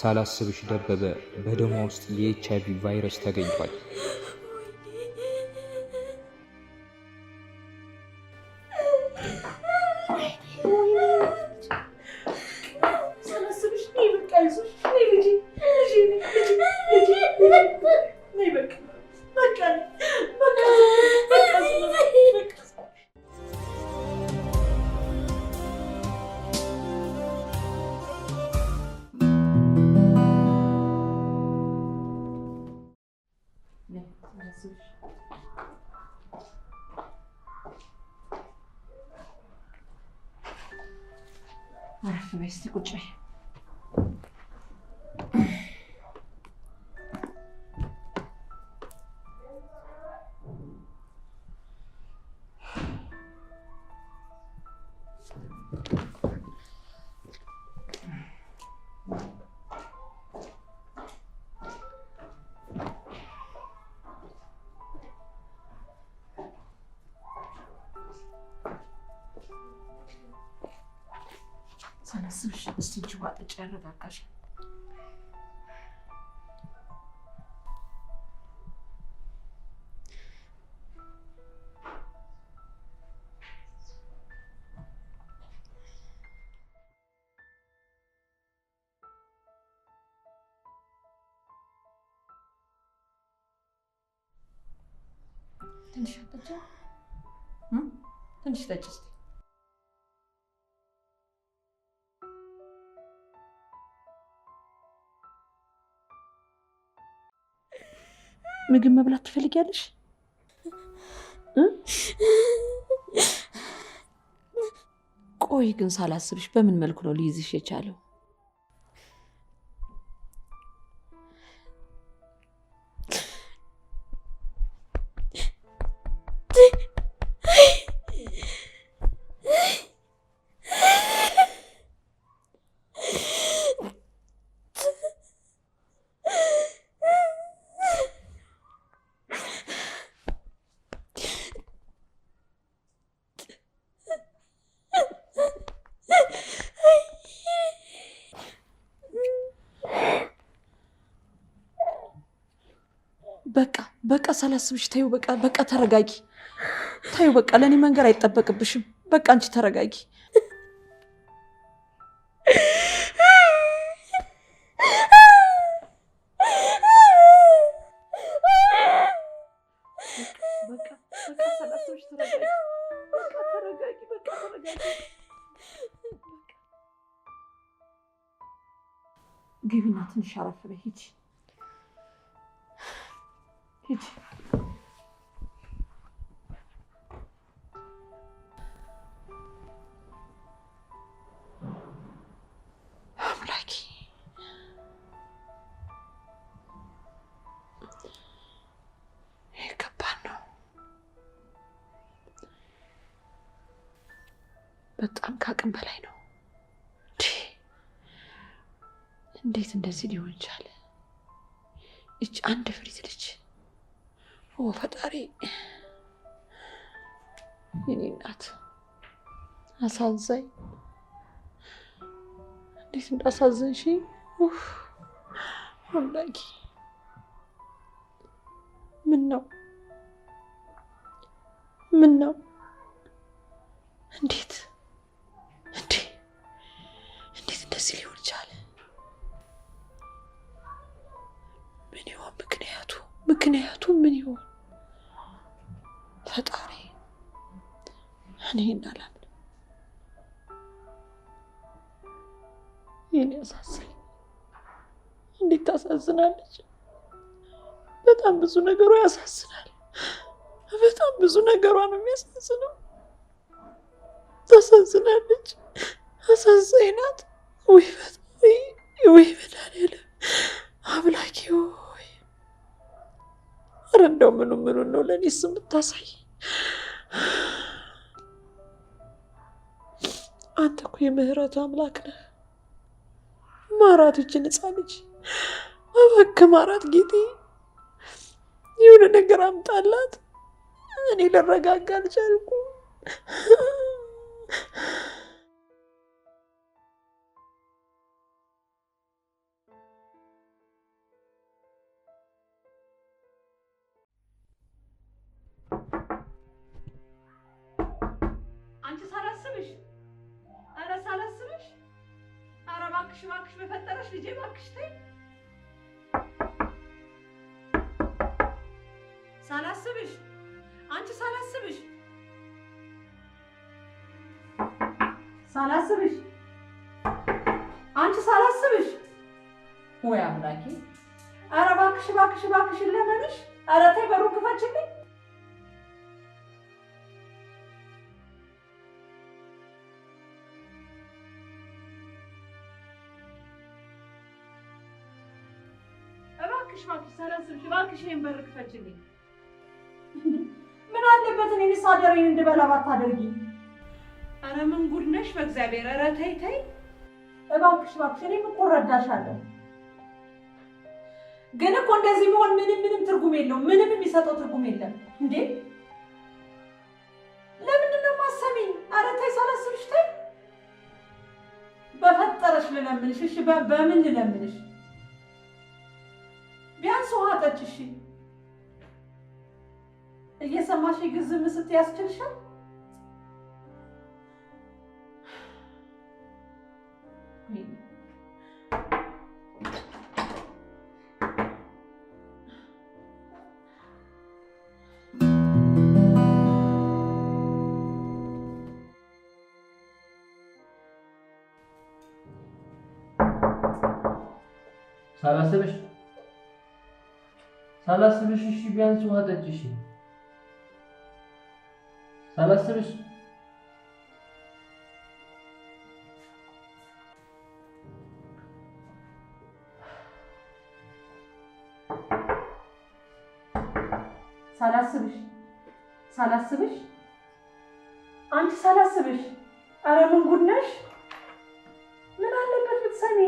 ሳላስብሽ ደበበ በደሟ ውስጥ የኤች አይቪ ቫይረስ ተገኝቷል። እስኪ እጅ ዋጥጬ ያረጋጋሽ። ትንሽ ጠጪ። ምግብ መብላት ትፈልጊያለሽ? ቆይ ግን ሳላስብሽ በምን መልኩ ነው ሊይዝሽ የቻለው? ሳላስብሽ ተይው። በቃ በቃ ተረጋጊ። ታዩ በቃ ለእኔ አይጠበቅብሽም። በቃ አንቺ ተረጋጊ። ግቢና ትንሽ አረፍ በይ ሂጂ አምላኬ ከባድ ነው። በጣም ከአቅም በላይ ነው። እንዴት እንደዚህ ሊሆን ይቻለ! ይች አንድ ፍሪት ልጅ ፈጣሪ የኔ እናት አሳዘኝ። እንዴት እንዳሳዘንሽ አምላኬ። ምን ነው ምን ነው? እንዴት እንዴ እንዴት እንደዚህ ሊሆን ይቻለ? ምን ይሆን ምክንያቱ? ምክንያቱ ምን ይሆን? ፈጣሪ እኔ ይናላል ይህን ያሳዝን። እንዴት ታሳዝናለች! በጣም ብዙ ነገሯ ያሳዝናል። በጣም ብዙ ነገሯ ነው የሚያሳዝነው። ታሳዝናለች። አሳዛኝ ናት። ወይ ፈጣሪ፣ ወይ መድኃኒዓለም አምላኬ ሆይ! ኧረ እንደው ምኑ ምኑ ነው ለእኔስ የምታሳይ አንተ እኮ የምህረቱ አምላክ ነህ። ማራት እችን ህፃን ልጅ እባክህ ማራት ጌጤ፣ የሆነ ነገር አምጣላት። እኔ ልረጋጋ አልቻልኩም። ሳላስብሽ አንቺ ሳላስብሽ ሳላስብሽ አንቺ ሳላስብሽ ወይ አምላኬ! ኧረ እባክሽ እባክሽ እባክሽ ለመንሽ! ኧረ ተይ በሩን ክፈችልኝ! እባክሽ እባክሽ ሳላስብሽ እባክሽ ይሄን በር ክፈችልኝ! እኔን ሳደረኝ እንድበላ ባታደርጊ። ኧረ ምን ጉድ ነሽ በእግዚአብሔር! ኧረ ተይ ተይ እባክሽ እባክሽ። እኔም እኮ እረዳሻለሁ፣ ግን እኮ እንደዚህ መሆን ምንም ምንም ትርጉም የለውም። ምንም የሚሰጠው ትርጉም የለም። እንዴ ለምንድን ነው የማሰሚኝ? ኧረ ተይ ሳላስብሽ ተይ። በፈጠረሽ ልለምንሽ። እሺ በምን ልለምንሽ? Kızımızı test çalışalım. ሰላሳ ብር ሰላሳ ብር ሺህ ቢያንስ ውሃ ጠጭ Demezsiniz. ሳላስብሽ ሳላስብሽ አንቺ ሳላስብሽ፣ አረ ምን ጉድ ነሽ? ምን አለበት ብትሰሚ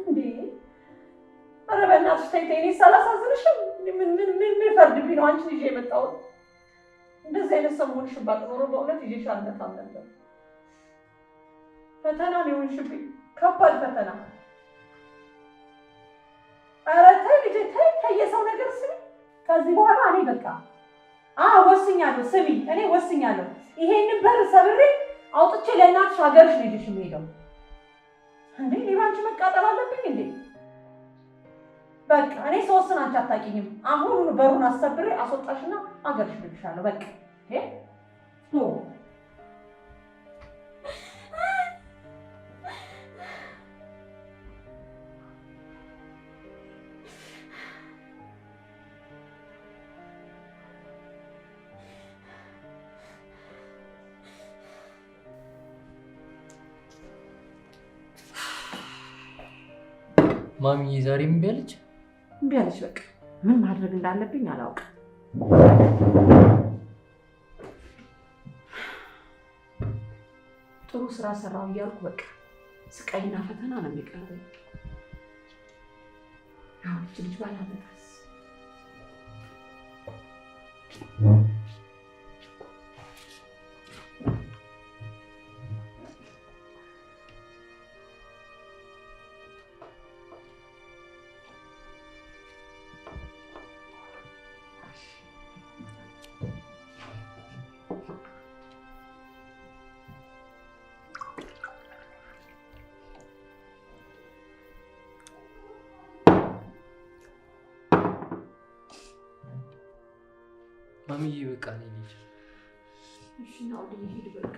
እንዴ? ኧረ በእናትሽ ተይ ተይ፣ እኔ ሳላሳዝንሽም ምን ፈርድብኝ ነው አንቺን ይዤ የመጣሁት? እንደዚህ አይነት ሰው ሆንሽባት ኖሮ በእውነት ይዤሽ አልመጣም ነበር። ፈተና ነው የሆንሽብኝ፣ ከባድ ፈተና። ኧረ ተይ ልጄ ተይ ተይ፣ የሰው ነገር ስሚ። ከዚህ በኋላ እኔ በቃ አዎ ወስኛለሁ። ስሚ እኔ ወስኛለሁ። ይሄንን በር ሰብሬ አውጥቼ ለእናትሽ ሀገርሽ ልጅሽ የሚሄደው እንዴ እኔ ባንቺ መቃጠል አለብኝ እንዴ? በቃ እኔ ሰወስን አንቺ አታውቂኝም። አሁን በሩን አሰብሬ አስወጣሽና አገርሽ ልብሻለሁ። በቃ ማሚ ዛሬ እምቢ አለች። እምቢ አለች። በቃ ምን ማድረግ እንዳለብኝ አላውቅም። ጥሩ ስራ ሰራው እያልኩ በቃ ስቃይና ፈተና ነው የሚቀርበኝ። አሁን ልጅ ባላመጣስ በቃ ነው ልጅ። እሺ ነው ልጅ በቃ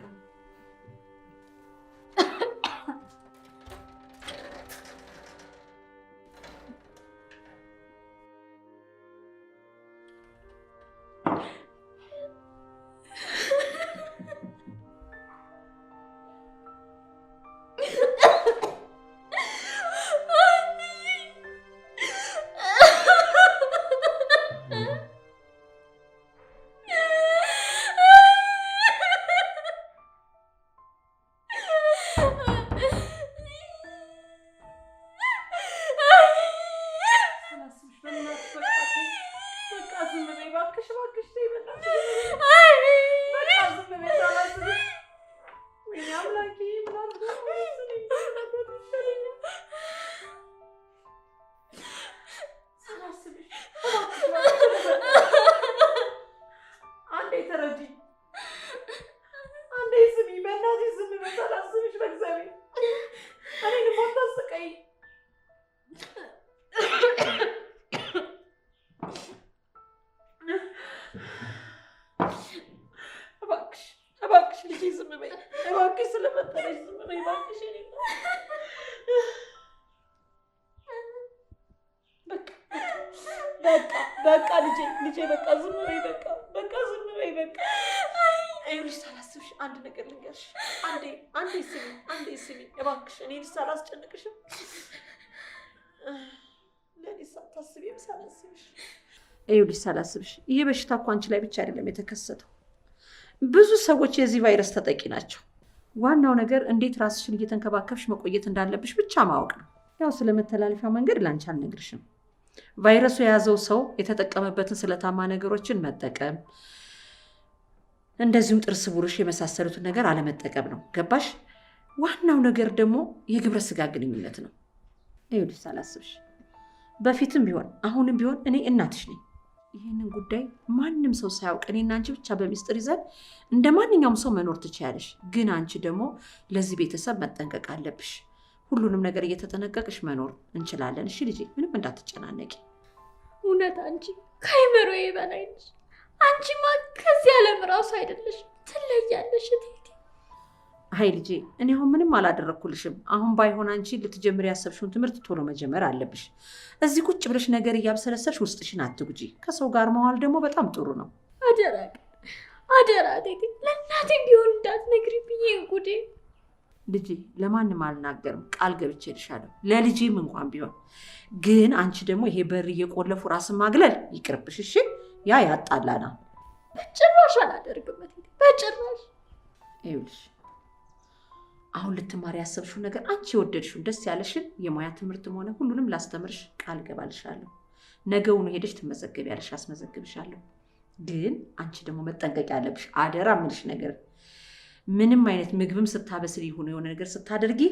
እባክሽ እባክሽ ተይ በእናትሽ በቃ ልጄ ልጄ በቃ ዝም በይ በቃ በቃ ዝም በይ በቃ። ይኸውልሽ ሳላስብሽ አንድ ነገር ልንገርሽ። አንዴ አንዴ ስሚ አንዴ ስሚ እባክሽ፣ እኔን ሳላስጨንቅሽም ለእኔ ሳታስቢም ሳላስብሽ ይኸውልሽ ሳላስብሽ ይህ በሽታ እኮ አንቺ ላይ ብቻ አይደለም የተከሰተው። ብዙ ሰዎች የዚህ ቫይረስ ተጠቂ ናቸው። ዋናው ነገር እንዴት ራስሽን እየተንከባከብሽ መቆየት እንዳለብሽ ብቻ ማወቅ ነው። ያው ስለመተላለፊያ መንገድ ላንቺ አልነግርሽም ቫይረሱ የያዘው ሰው የተጠቀመበትን ስለታማ ነገሮችን መጠቀም፣ እንደዚሁም ጥርስ ብሩሽ የመሳሰሉትን ነገር አለመጠቀም ነው። ገባሽ? ዋናው ነገር ደግሞ የግብረ ስጋ ግንኙነት ነው። ይኸውልሽ ሳላስብሽ፣ በፊትም ቢሆን አሁንም ቢሆን እኔ እናትሽ ነኝ። ይህንን ጉዳይ ማንም ሰው ሳያውቅ እኔና አንቺ ብቻ በሚስጥር ይዘን እንደ ማንኛውም ሰው መኖር ትችያለሽ። ግን አንቺ ደግሞ ለዚህ ቤተሰብ መጠንቀቅ አለብሽ። ሁሉንም ነገር እየተጠነቀቅሽ መኖር እንችላለን። እሺ ልጄ፣ ምንም እንዳትጨናነቂ። እውነት አንቺ ከይመሮ በላይ ነሽ። አንቺማ ከዚህ ዓለም ራሱ አይደለሽ፣ ትለያለሽ። እቴቴ፣ አይ ልጄ፣ እኔ አሁን ምንም አላደረግኩልሽም። አሁን ባይሆን አንቺ ልትጀምር ያሰብሽውን ትምህርት ቶሎ መጀመር አለብሽ። እዚህ ቁጭ ብለሽ ነገር እያብሰለሰልሽ ውስጥሽን አትጉጂ። ከሰው ጋር መዋል ደግሞ በጣም ጥሩ ነው። አደራ አደራ፣ ለእናቴ ቢሆን እንዳትነግሪ ብዬ እንጉዴ ልጄ ለማንም አልናገርም ቃል ገብቼልሻለሁ፣ ለልጄም እንኳን ቢሆን ግን አንቺ ደግሞ ይሄ በር እየቆለፉ ራስን ማግለል ይቅርብሽ። እሺ፣ ያ ያጣላናል። በጭራሽ አላደርግም፣ በጭራሽ። ይኸውልሽ አሁን ልትማሪ ያሰብሽው ነገር አንቺ የወደድሽውን ደስ ያለሽን የሙያ ትምህርትም ሆነ ሁሉንም ላስተምርሽ ቃል ገባልሻለሁ። ነገውኑ ሄደሽ ትመዘገቢያለሽ፣ አስመዘግብሻለሁ። ግን አንቺ ደግሞ መጠንቀቅ ያለብሽ አደራ የምልሽ ነገር ምንም አይነት ምግብም ስታበስል ይሁን የሆነ ነገር ስታደርጊ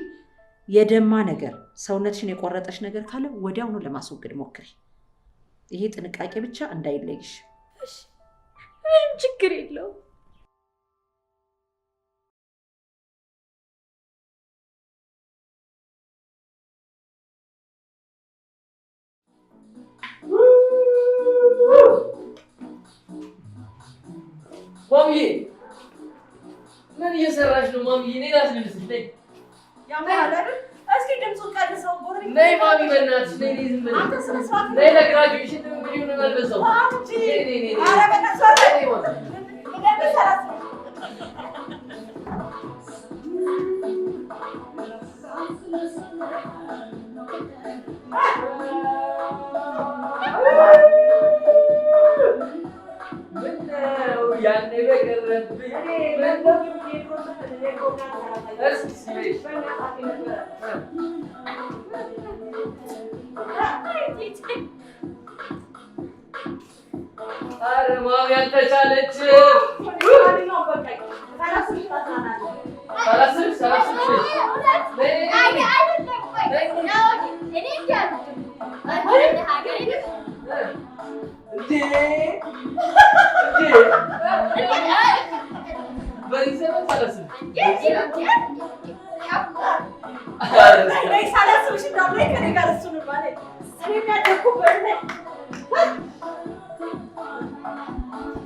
የደማ ነገር ሰውነትሽን የቆረጠሽ ነገር ካለ ወዲያውኑ ለማስወገድ ሞክሪ። ይሄ ጥንቃቄ ብቻ እንዳይለይሽ። ምንም ችግር የለውም። ዋዬ ምን እየሰራሽ ነው ማሚ? እኔ ላስመልስሽ። ነይ ነይ ማሚ፣ በእናትሽ ነይ። ነይ። ለግራጁዌሽን ምን ይሆናል በዛው Maviyen teşanetçi. Sana sür, sana sür. Ne? Ne? Ben istemem sana sür. नाही साला सुशी दाबले का नाही कारण सुरू मला सगळ्यांना खूप वेळ नाही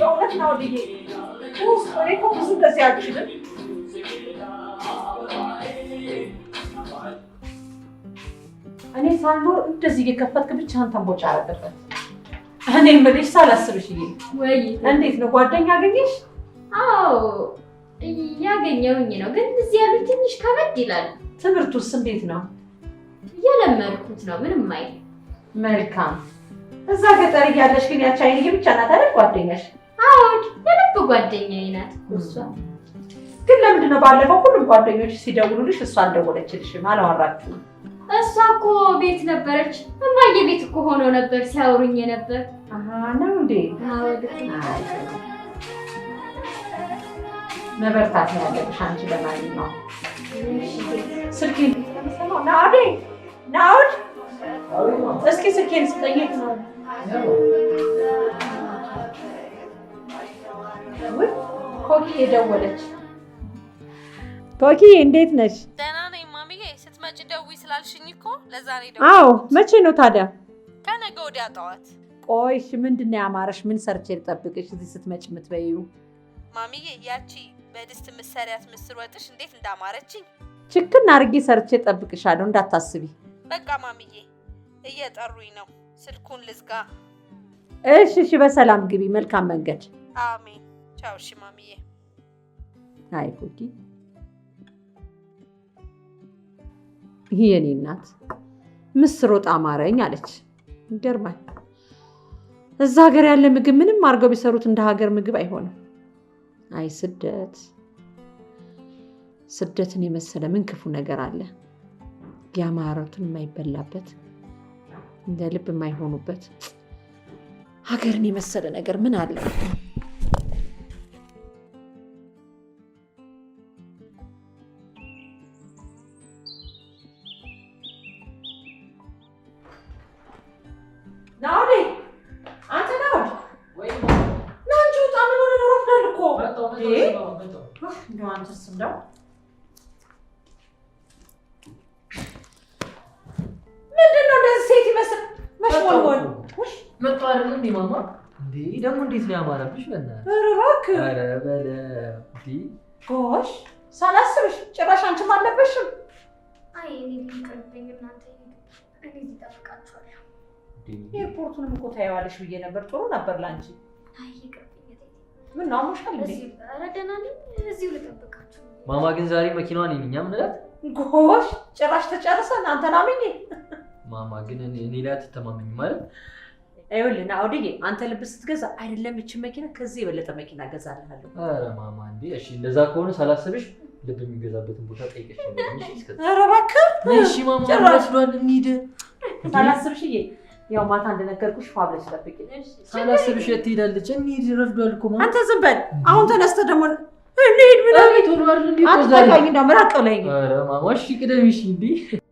በእውነት ነው ልዬ እኔ እኮ ብዙ ጊዜ አልችልም። እኔ ሳልኖር እንደዚህ እየከፈትክ ብቻ አንተን ቦጫ አረገበት። እኔ የምልሽ ሳላስብሽ ይ ወይ እንዴት ነው ጓደኛ አገኘሽ? አዎ እያገኘውኝ ነው፣ ግን እዚህ ያሉኝ ትንሽ ከበድ ይላል። ትምህርቱስ እንዴት ነው? እየለመድኩት ነው። ምንም አይ መልካም። እዛ ገጠር እያለሽ ግን ያቻይን ብቻ ናት አይደል ጓደኛሽ? አዎድ የልብ ጓደኛዬ ናት እሷ። ግን ለምንድን ነው ባለፈው ሁሉም ጓደኞች ሲደውሉልሽ እሷ አልደወለችልሽም? አላወራችሁም? እሷ እኮ ቤት ነበረች። እማዬ ቤት እኮ ሆኖ ነበር ሲያወሩኝ ነበር። ነው እንዴ? መበርታት ያለብሽ አንቺ። ለማንኛውም ስልኬን ናአዴ ናአውድ እስኪ ስልኬን ስጠይቅ ነው ኮኪ የደወለች። ኮኪ እንዴት ነሽ? ደህና ነኝ ማሚዬ። ስትመጪ ደውይ ስላልሽኝ እኮ ለዛ ነው የደወለች። አዎ መቼ ነው ታዲያ? ከነገ ወዲያ ጠዋት። ቆይ እሺ፣ ምንድን ነው ያማረሽ? ምን ሰርቼ ልጠብቅሽ እዚህ ስትመጪ የምትበይው? ማሚዬ ያቺ በድስት ምሰሪያት ምስር ወጥሽ እንዴት እንዳማረችኝ ችክን አርጌ ሰርቼ ጠብቅሻለሁ፣ እንዳታስቢ። በቃ ማሚዬ እየጠሩኝ ነው፣ ስልኩን ልዝጋ። እሺ እሺ፣ በሰላም ግቢ። መልካም መንገድ። አሜን። Ciao Shimamie. አይ ፉዲ ይሄ እናት ምስር አማረኝ አለች። ይገርማል። እዛ ሀገር ያለ ምግብ ምንም አድርገው ቢሰሩት እንደ ሀገር ምግብ አይሆንም። አይ ስደት ስደትን የመሰለ ምን ክፉ ነገር አለ? ያማረቱን የማይበላበት እንደ ልብ የማይሆኑበት ሀገርን የመሰለ ነገር ምን አለ? ነው ያማረብሽ? በእናትሽ ኧረ በለው ጎሽ፣ ሳላስብሽ ጭራሽ አንቺም አለበሽም። አይ እኔ ይቅርብኝ እናንተ ኤርፖርቱንም እኮ ታየዋለሽ ብዬ ነበር። ጥሩ ነበር ለአንቺ። አይ ይቅርብኝ። አሞሻል ኧረ ደህና ነኝ፣ እዚሁ ልጠብቃችሁ። ማማ ግን ዛሬ መኪናዋን የእኛ ምንላት? ጎሽ፣ ጭራሽ ተጨርሰን አንተ ናምኝ። ማማ ግን እኔ ላይ ማለት ይኸውልህ አውድዬ አንተ ልብስ ስትገዛ አይደለም ይችን መኪና ከዚህ የበለጠ መኪና እገዛልሃለሁ። ኧረ ማማ እንዴ! እሺ እንደዛ ከሆነ ሳላስብሽ ልብ የሚገዛበትን ቦታ ጠይቀሽ ሳላስብሽ እዬ ያው ማታ እንደነገርኩሽ ፏ ብለሽ ጠብቂኝ። ሳላስብሽ የት ትሄዳለች? እንሂድ ረፍዷል እኮ አንተ ዝም በል አሁን ተነስተህ ደግሞ እንሂድ ምናምን አትጠቃኝ። እንዳው ምራቅ ብለኸኝ እሺ ቅደም እሺ እንዴ